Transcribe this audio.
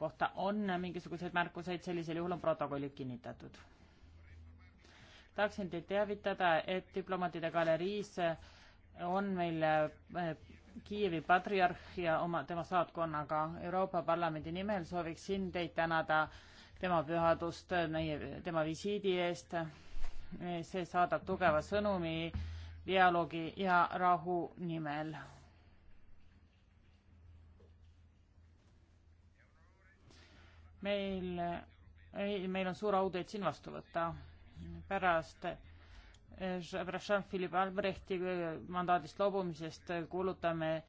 kohta on mingisuguseid märkuseid, sellisel juhul on protokollid kinnitatud. tahaksin teid teavitada, et diplomaatide galeriis on meil eh, Kiievi patriarh ja oma, tema saatkonnaga Euroopa Parlamendi nimel sooviksin teid tänada tema pühadust, meie, tema visiidi eest. see saadab tugeva sõnumi dialoogi ja rahu nimel meil ei, meil on suur au teid siin vastu võtta. pärast eh, Jean-Philippe Albrechti eh, mandaadist loobumisest kuulutame